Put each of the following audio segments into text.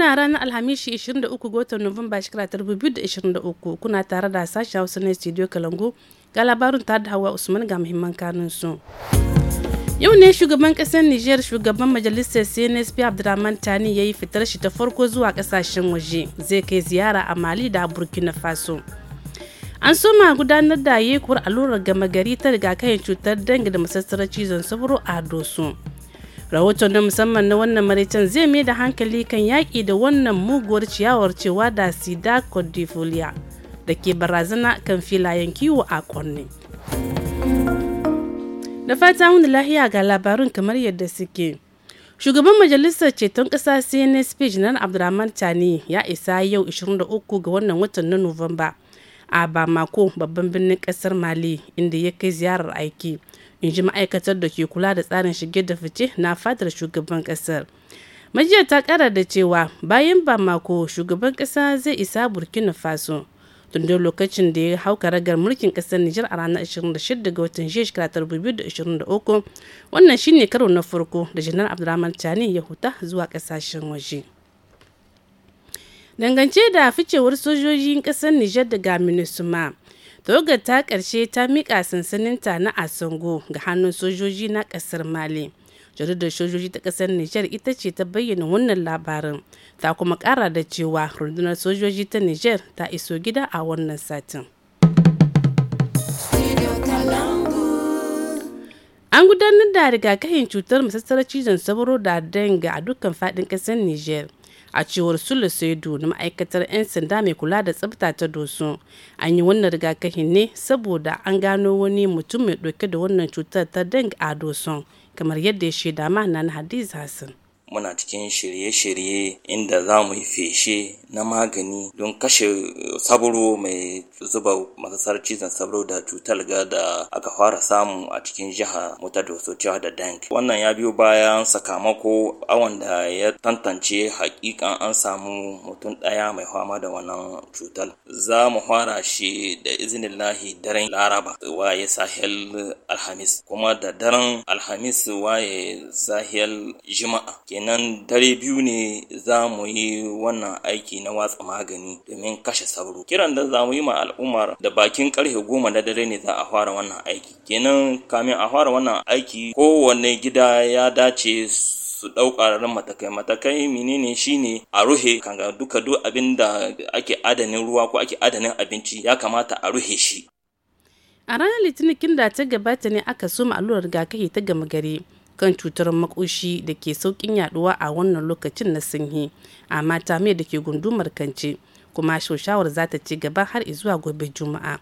Yana ranar Alhamishi 23 ga watan Nuwamba shekara 2023 kuna tare da sashen Hausa na Studio Kalango ga labarin tare da Hawa Usman ga muhimman kanun su. Yau ne shugaban kasar Nijar shugaban majalisar CNSP Abdulrahman Tani ya yi fitar shi ta farko zuwa ƙasashen waje zai kai ziyara a Mali da Burkina Faso. An soma gudanar da yekuwar allurar gama gari ta kayan cutar dangi da masassarar cizon sauro a Doso. rahoton na musamman na wannan maraicen zai mai da hankali kan yaƙi da wannan muguwar ciyawar cewa da sida codifolia da ke barazana kan filayen kiwo a ƙwanne da fata wanda lahiya ga labarun kamar yadda suke shugaban majalisar ceton ƙasa cnsp janar abdulrahman tani ya isa yau 23 ga wannan watan na nuwamba a bamako babban birnin ƙasar mali inda ya kai ziyarar aiki in ji ma'aikatar da ke kula da tsarin shige da fice na fadar shugaban kasar majiyar ta kara da cewa bayan ba mako shugaban kasa zai isa burkina faso tun lokacin da ya hauka ragar mulkin kasar Nijar a ranar 26 ga watan jiya shekara 2023 wannan shine karo na farko da janar Abdulrahman Tani ya huta zuwa kasashen waje. Dangance da ficewar sojojin kasar Nijar daga Minisuma, Dogar ta ƙarshe ta miƙa sansaninta na Asango ga hannun sojoji na ƙasar Mali. jaridar sojoji ta kasar niger ita ce ta bayyana wannan labarin ta kuma kara da cewa rundunar sojoji ta niger ta iso gida a wannan satin. An gudanar da rigakafin cutar masassarar cizon sauro da danga a dukkan faɗin ƙasar niger. a cewar sule saidu na ma'aikatar 'yan sanda mai kula da tsabta ta doso an yi wannan rigakafin ne saboda an gano wani mutum mai dauke da wannan cutar ta deng a doson kamar yadda ya shaida ma na hadiz hassan muna cikin shirye-shirye inda za mu yi feshe na magani don kashe sabro mai zuba masasar cizon sabro da cutar ga da aka fara samu a cikin jiha mota da wasu da dank wannan ya biyo bayan sakamako awon da ya tantance hakikan an samu mutum ɗaya mai fama da wannan cutar za mu fara shi da izinin lahi daren laraba waye sahel alhamis kuma da daren alhamis waye sahel Juma'a. kenan dare biyu ne za mu yi wannan aiki na watsa magani domin kashe sauro kiran da za mu yi ma al'ummar da bakin karfe goma da dare ne za a fara wannan aiki kenan kamin a fara wannan aiki kowane gida ya dace su ɗau ƙararrun matakai matakai menene shine a ruhe kanga duka duk abin da ake adanin ruwa ko ake adanin abinci ya kamata a ruhe shi a ranar litinin da ta gabata ne aka soma allurar rigakafi ta gama gari kan cutar makoshi da ke saukin yaduwa a wannan lokacin na sanyi a mata mai da ke gundumar kance kuma shaushawar za ta ci gaba har zuwa gobe juma'a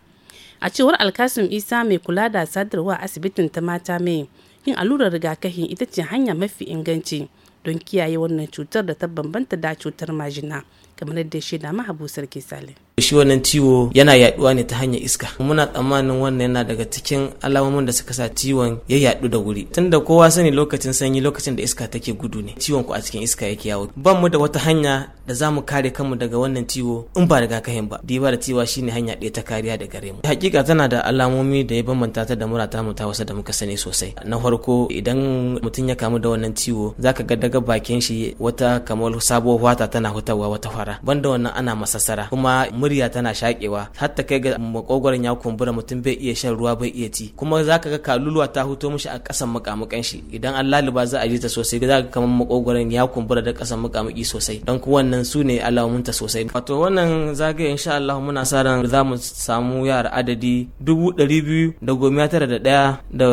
a cewar alkasim isa mai kula da sadarwa asibitin ta mata mai yin allurar rigakafi ita ce hanya mafi inganci don kiyaye wannan cutar da ta bambanta da cutar majina kamar yadda shaida mahabu sarki salim shi wannan ciwo yana yaduwa ne ta hanyar iska muna tsammanin wannan yana daga cikin alamomin da suka sa ciwon ya yadu da wuri tunda kowa sani lokacin sanyi lokacin da iska take gudu ne ciwon ku a cikin iska yake yawo ban mu da wata hanya da za mu kare kanmu daga wannan ciwo in ba kahin ba diba da cewa shine hanya ɗaya ta kariya da gare mu hakika tana da alamomi da ya bambanta ta da murata mu ta wasa da muka sani sosai na farko idan mutum ya kamu da wannan ciwo zaka ga daga bakin shi wata kamar sabuwar wata tana hutawa wata fara banda wannan ana masasara kuma murya tana shakewa har ta kai ga makogwaron ya kumbura mutum bai iya shan ruwa bai iya ci kuma zaka ga kaluluwa ta huto mishi a kasan mukamukan shi idan an laluba za a ji ta sosai za ka kamar makogwaron ya kumbura da kasan mukamuki sosai don ku wannan su ne alamun ta sosai wato wannan zagaye insha Allah muna sa ran za mu samu yara adadi dubu ɗari biyu da goma tara da ɗaya da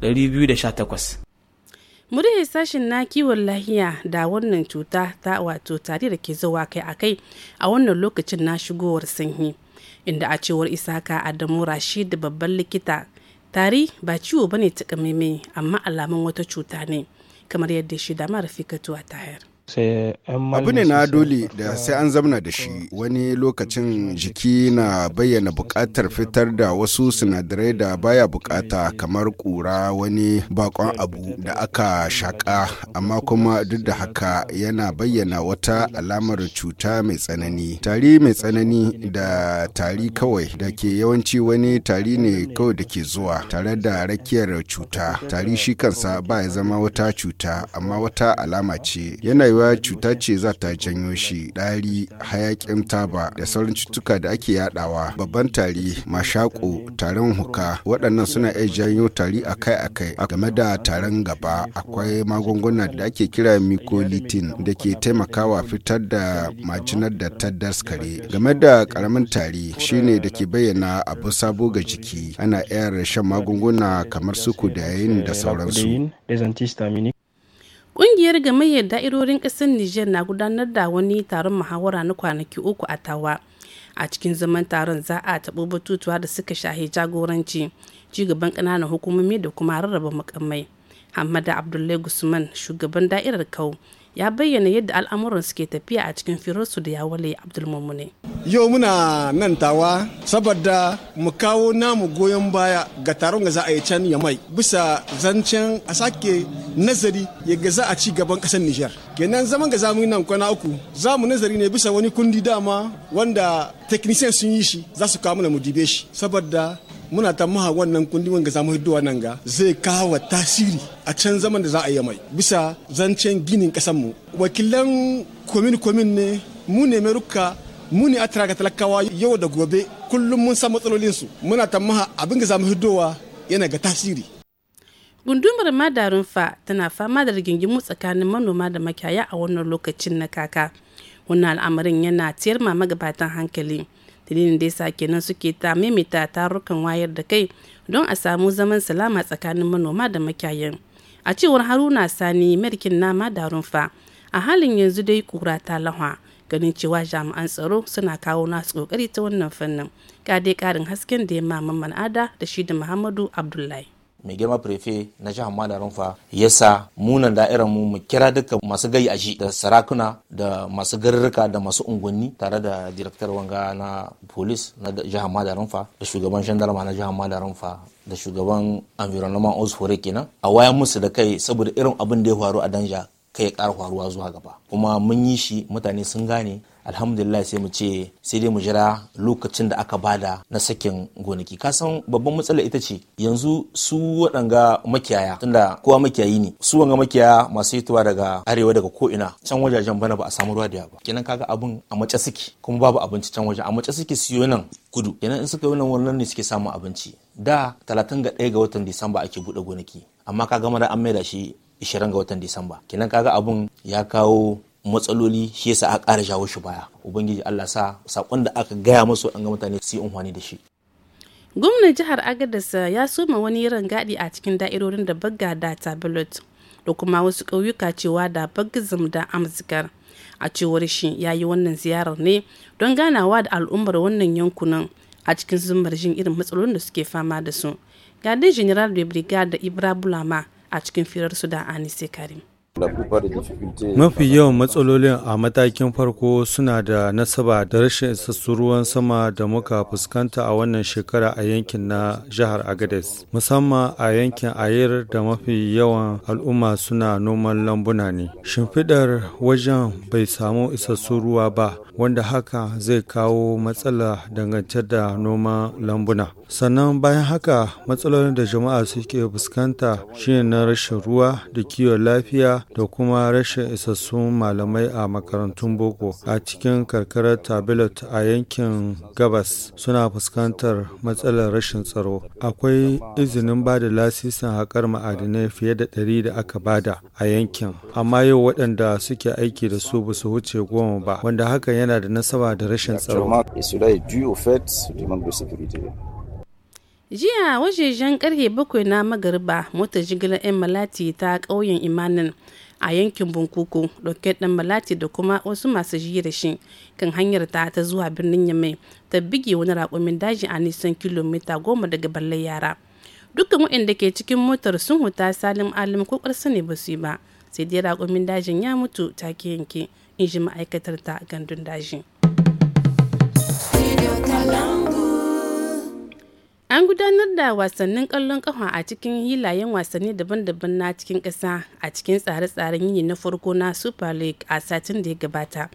ɗari muryar sashen na kiwon lahiya da wannan cuta ta wato tare da ke zuwa kai a kai a wannan lokacin na shigowar sanyi inda a cewar isaka adamu rashid babban likita tari ba ciwo bane takamaimai amma alamun wata cuta ne kamar yadda shi da mara fikatu a tayar abu ne na dole da sai an zamna da shi wani lokacin jiki na bayyana buƙatar fitar da wasu sinadarai da baya bukata kamar ƙura wani bakon abu da aka shaƙa amma kuma duk da haka yana bayyana wata alamar cuta mai tsanani tari mai tsanani da tari kawai da ke yawanci wani tari ne kawai da ke zuwa tare da rakiyar cuta tari shi kansa ba ya zama wata cuta amma wata alama ce yana cewa cuta ce za ta janyo shi ɗari hayaƙin taba da sauran cutuka da ake yadawa babban tari mashako tarin huka waɗannan suna iya janyo tari akai-akai game da tarin gaba akwai magunguna da ake kira mycolitin da ke taimakawa fitar da majinar da ta daskare game da ƙaramin tari shine da ke bayyana abu sabo ga jiki ana iya shan magunguna kamar su kudayin da sauransu Ƙungiyar gamayyar da'irorin ƙasar Nijar na gudanar da wani taron muhawara na kwanaki uku a Tawa. A cikin zaman taron za a taɓo batutuwa da suka shahi jagoranci, cigaban ƙananan hukumomi da kuma rarraba makamai. Hamada Abdullahi Gusman, shugaban da'irar Kau, ya bayyana yadda al'amuran suke tafiya a cikin firarsu da yawale abdulmumune yau muna nan tawa saboda mu kawo namu goyon baya ga taron da za a yi can ya mai bisa zancen a sake nazari ya ga za a ci gaban kasar nijar kenan zaman ga zamu nan kwana uku za mu nazari ne bisa wani kundi dama wanda technician sun yi shi za su kawo mana mu dibe shi saboda muna ta maha wannan kundi wanga samu hidduwa nan ga zai kawo tasiri a can zaman da za a yi mai bisa zancen ginin mu wakilan komin komin ne mu ne meruka mu ne talakawa yau da gobe kullum mun san su muna ta maha abin da samu hidduwa yana ga tasiri gundumar madarin fa tana fama da rigingimu tsakanin manoma da makiyaya a wannan lokacin na kaka wannan al'amarin yana tiyar ma magabatan hankali dalilin da yasa kenan suke ta maimaita tarukan wayar da kai don a samu zaman salama tsakanin manoma da makiyayan a cewar haruna sani merkin nama da rumfa a halin yanzu dai kura ta lahwa ganin cewa jami'an tsaro suna kawo nasu kokari ta wannan fannin ka dai karin hasken da ya mamman al'ada da shi da muhammadu abdullahi mai girma prefe na jihar Malam Rumfa ya sa munan da'irar mu mu kira duka masu gayi shi da sarakuna da masu garurruka da masu unguwanni tare da direktar wanga na polis na jihar Malam Rumfa da shugaban shandarma na jihar Malam Rumfa da shugaban environment osfore kenan a waya musu da kai saboda irin abin da ya faru a danja kai ya ƙara faruwa zuwa gaba kuma mun yi shi mutane sun gane alhamdulillah sai mu ce sai dai mu jira lokacin da aka bada na sakin gonaki kasan babban matsala ita ce yanzu su waɗanga makiyaya tunda kowa makiyayi ne su wanga makiyaya masu hitowa daga arewa daga ko ina can wajajen bana ba a samu ruwa da yawa ba kenan kaga abun a mace suke kuma babu abinci can wajen a mace suke siyo nan kudu kenan in suka yi wannan wannan ne suke samun abinci da talatin ga watan disamba ake buɗe gonaki amma kaga mara an maida shi 20 ga watan disamba kenan kaga abun ya kawo matsaloli shi yasa aka ƙara jawo shi baya ubangiji Allah sa sakon da aka gaya musu an ga mutane su yi unhwani da shi gwamnan jihar Agadez ya soma wani rangadi a cikin da'irorin da bagga da tablet da kuma wasu ƙauyuka cewa da bagizm da amzikar a cewar shi ya yi wannan ziyarar ne don ganawa da al'ummar wannan yankunan a cikin zumbar jin irin matsalolin da suke fama da su gadin general de brigade ibra bulama a cikin firar su da anise karim Mafi yawan matsalolin a matakin farko suna da nasaba da rashin isassun ruwan sama da muka fuskanta a wannan shekara a yankin na jihar Agades, musamman a yankin Ayer da mafi yawan al'umma suna noman lambuna ne. Shimfiɗar wajen bai samu isassun ruwa ba, wanda haka zai kawo matsala dangance da noman lambuna. Sannan bayan haka matsalolin da jama'a suke fuskanta shine na rashin ruwa da kiwon lafiya da kuma rashin isassun malamai a makarantun boko a cikin karkarar Tabilot a yankin gabas suna fuskantar matsalar rashin tsaro. Akwai izinin ba da lasisin haƙar ma'adinai fiye da ɗari da aka bada a yankin. Amma yau waɗanda suke aiki da su basu wuce goma ba, wanda hakan yana da nasaba da rashin tsaro. jiya wajejen karfe bakwai na magariba mota jigilar 'yan malati ta ƙauyen imanin a yankin bunkuku dauke ɗan malati da kuma wasu masu jira shi kan hanyar ta ta zuwa birnin yamai ta bige wani raƙumin daji a nisan kilomita goma daga ballar yara dukkan waɗanda ke cikin motar sun huta salim alim ko ƙarsa ne ba su yi ba sai dai raƙumin dajin ya mutu take yanke in ji ma'aikatar ta gandun daji. An gudanar da wasannin kallon ƙafa a cikin hilayen wasanni daban-daban na cikin ƙasa a cikin tsare-tsaren yi na farko na Super League a satin da ya gabata.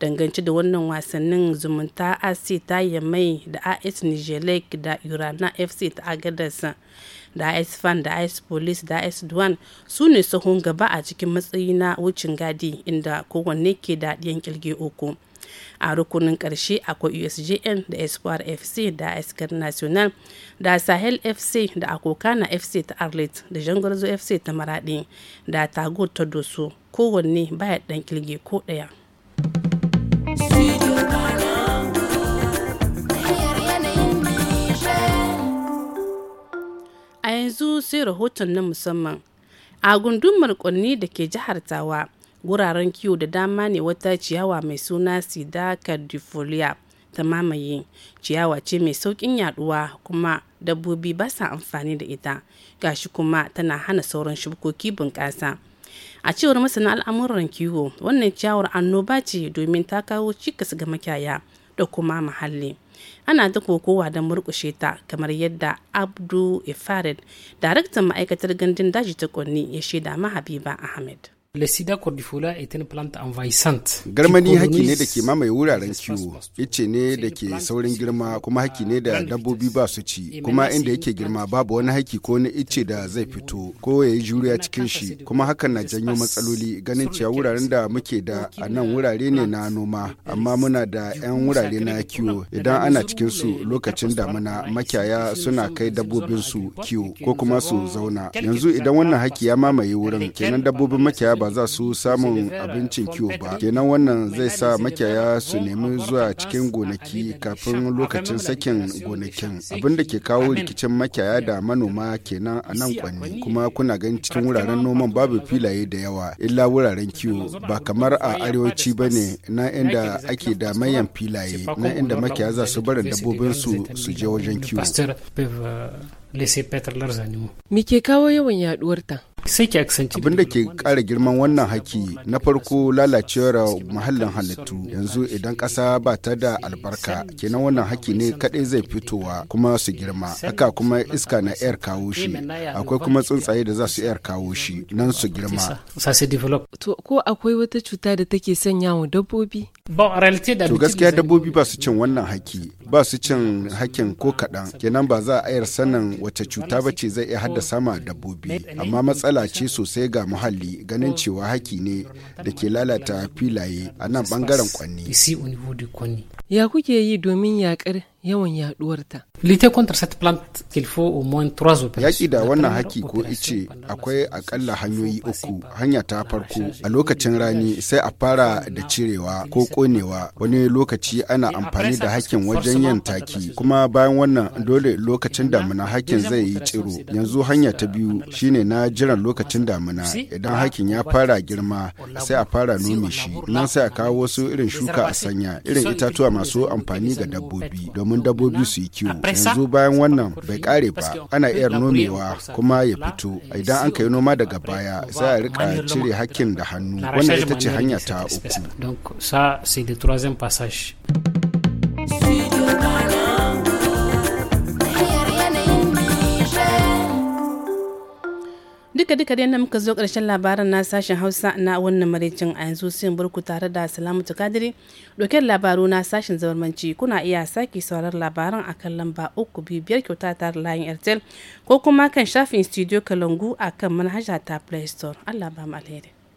Dangance da wannan wasannin zumunta AC ta Yamai da AS Lake da Urana FC ta Agadarsa da AS Fan da AS Police da AS Duan su ne sahun gaba a cikin matsayi na wucin gadi inda kowanne ke da ɗiyan kilge uku. a rukunin karshe akwai usgn da espoir fc da askar national da sahel fc da akokana fc ta arlet da jangarzo fc ta maradi da tago ta doso kowanne baya dan kilge ko daya a yanzu sai rahoton na musamman a gundumar kwanni da ke jihar tawa guraren kiwo da dama ne wata ciyawa mai suna sida cardifolia ta mamaye ciyawa ce mai saukin yaduwa kuma dabbobi ba sa amfani da ita gashi kuma tana hana sauran shukoki bunƙasa a cewar masana al'amuran kiwo wannan ciyawar annoba ce domin ta kawo cikas ga makyaya da kuma muhalli ana ta kokowa da murkushe ta kamar yadda abdu ifarid daraktan ma'aikatar gandun daji ta ya shaida ma habiba ahmed Le sida est une plante envahissante. Garmani haki ne da ke mamaye wuraren kiwo, ice ne da ke saurin girma kuma haki ne da dabbobi ba su ci, kuma inda yake girma babu wani haki ko wani ice da zai fito ko ya yi juriya cikin shi, kuma hakan na janyo matsaloli ganin cewa wuraren da muke da a nan wurare ne na noma, amma muna da 'yan wurare na kiwo idan ana cikin su lokacin muna makiyaya suna kai dabbobin su kiwo ko kuma su zauna. Yanzu idan wannan haki ya mamaye wurin kenan dabbobin makiyaya ba za su samun abincin kiwo ba kenan wannan zai sa makiyaya su nemi zuwa cikin gonaki kafin lokacin sakin gonakin abin da ke kawo rikicin makiyaya da manoma kenan a nan kwanne kuma kuna ganin cikin wuraren noman babu filaye da yawa illa wuraren kiwo ba kamar a arewaci ba ne na inda ake da mayan filaye na inda makiyaya za su barin dabbobinsu su je wajen kiwo laissez perdre leurs animaux me ke kawo yawan yaduwar ta sai ki aksanci abin da ke kara girman wannan haki na farko lalacewar muhallin halittu yanzu idan kasa ba ta da albarka kenan wannan haki ne kaɗai zai fitowa kuma su girma haka kuma iska na air kawo shi akwai kuma tsuntsaye da za su air kawo shi nan su girma to ko akwai wata cuta da take sanya wa dabbobi to gaskiya dabbobi ba su cin wannan haki ba su cin hakin ko kaɗan kenan ba za a ayar sanin wacce cuta bace zai iya haddasa ma dabbobi amma matsala ce sosai ga muhalli ganin cewa haki ne da ke lalata filaye a nan bangaren kwanni ya kuke yi domin yakar yawan yaduwarta. Lite contre cette plante qu'il faut au moins trois Yaki da wannan haki ko ice akwai akalla hanyoyi uku. Hanya ta farko a lokacin rani sai a fara da cirewa ko ƙonewa wani lokaci ana amfani da hakin wajen yin taki kuma bayan wannan dole lokacin damina hakin zai yi ciro. Yanzu hanya ta biyu shine na jiran lokacin damina idan hakin ya fara girma sai a fara nome shi nan sai a kawo wasu irin shuka a sanya irin itatuwa masu amfani ga dabbobi domin domin dabbobi su yi kiwo yanzu bayan wannan bai kare ba ana iya nomewa kuma ya fito eh, idan an kai noma daga baya za a rika cire hakkin da eh, hannu wannan ita ce hanya ta uku duka duka dai muka zo karshen labaran na sashen hausa na wannan maraicin a yanzu sun burku tare da salamatu kadiri dokin labaru na sashen zamanci kuna iya sake saurar labaran a kan lamba uku biyu biyar kyauta ta layin airtel ko kuma kan shafin studio kalangu a kan manhaja ta play store allah ba mu alheri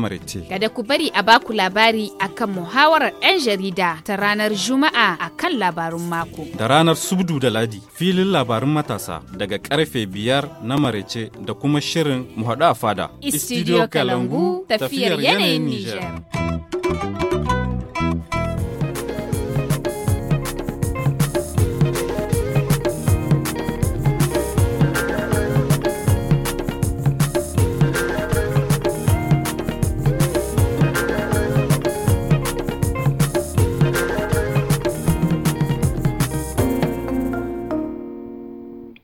maraice. Kada ku bari a baku labari akan muhawarar 'yan jarida ta ranar Juma'a akan labarun mako. Da ranar Subdu da Ladi filin labarun matasa daga karfe biyar na maraice da kuma shirin muhaɗu a fada. Istidiyo Kalangu tafiyar yanayin Nijar.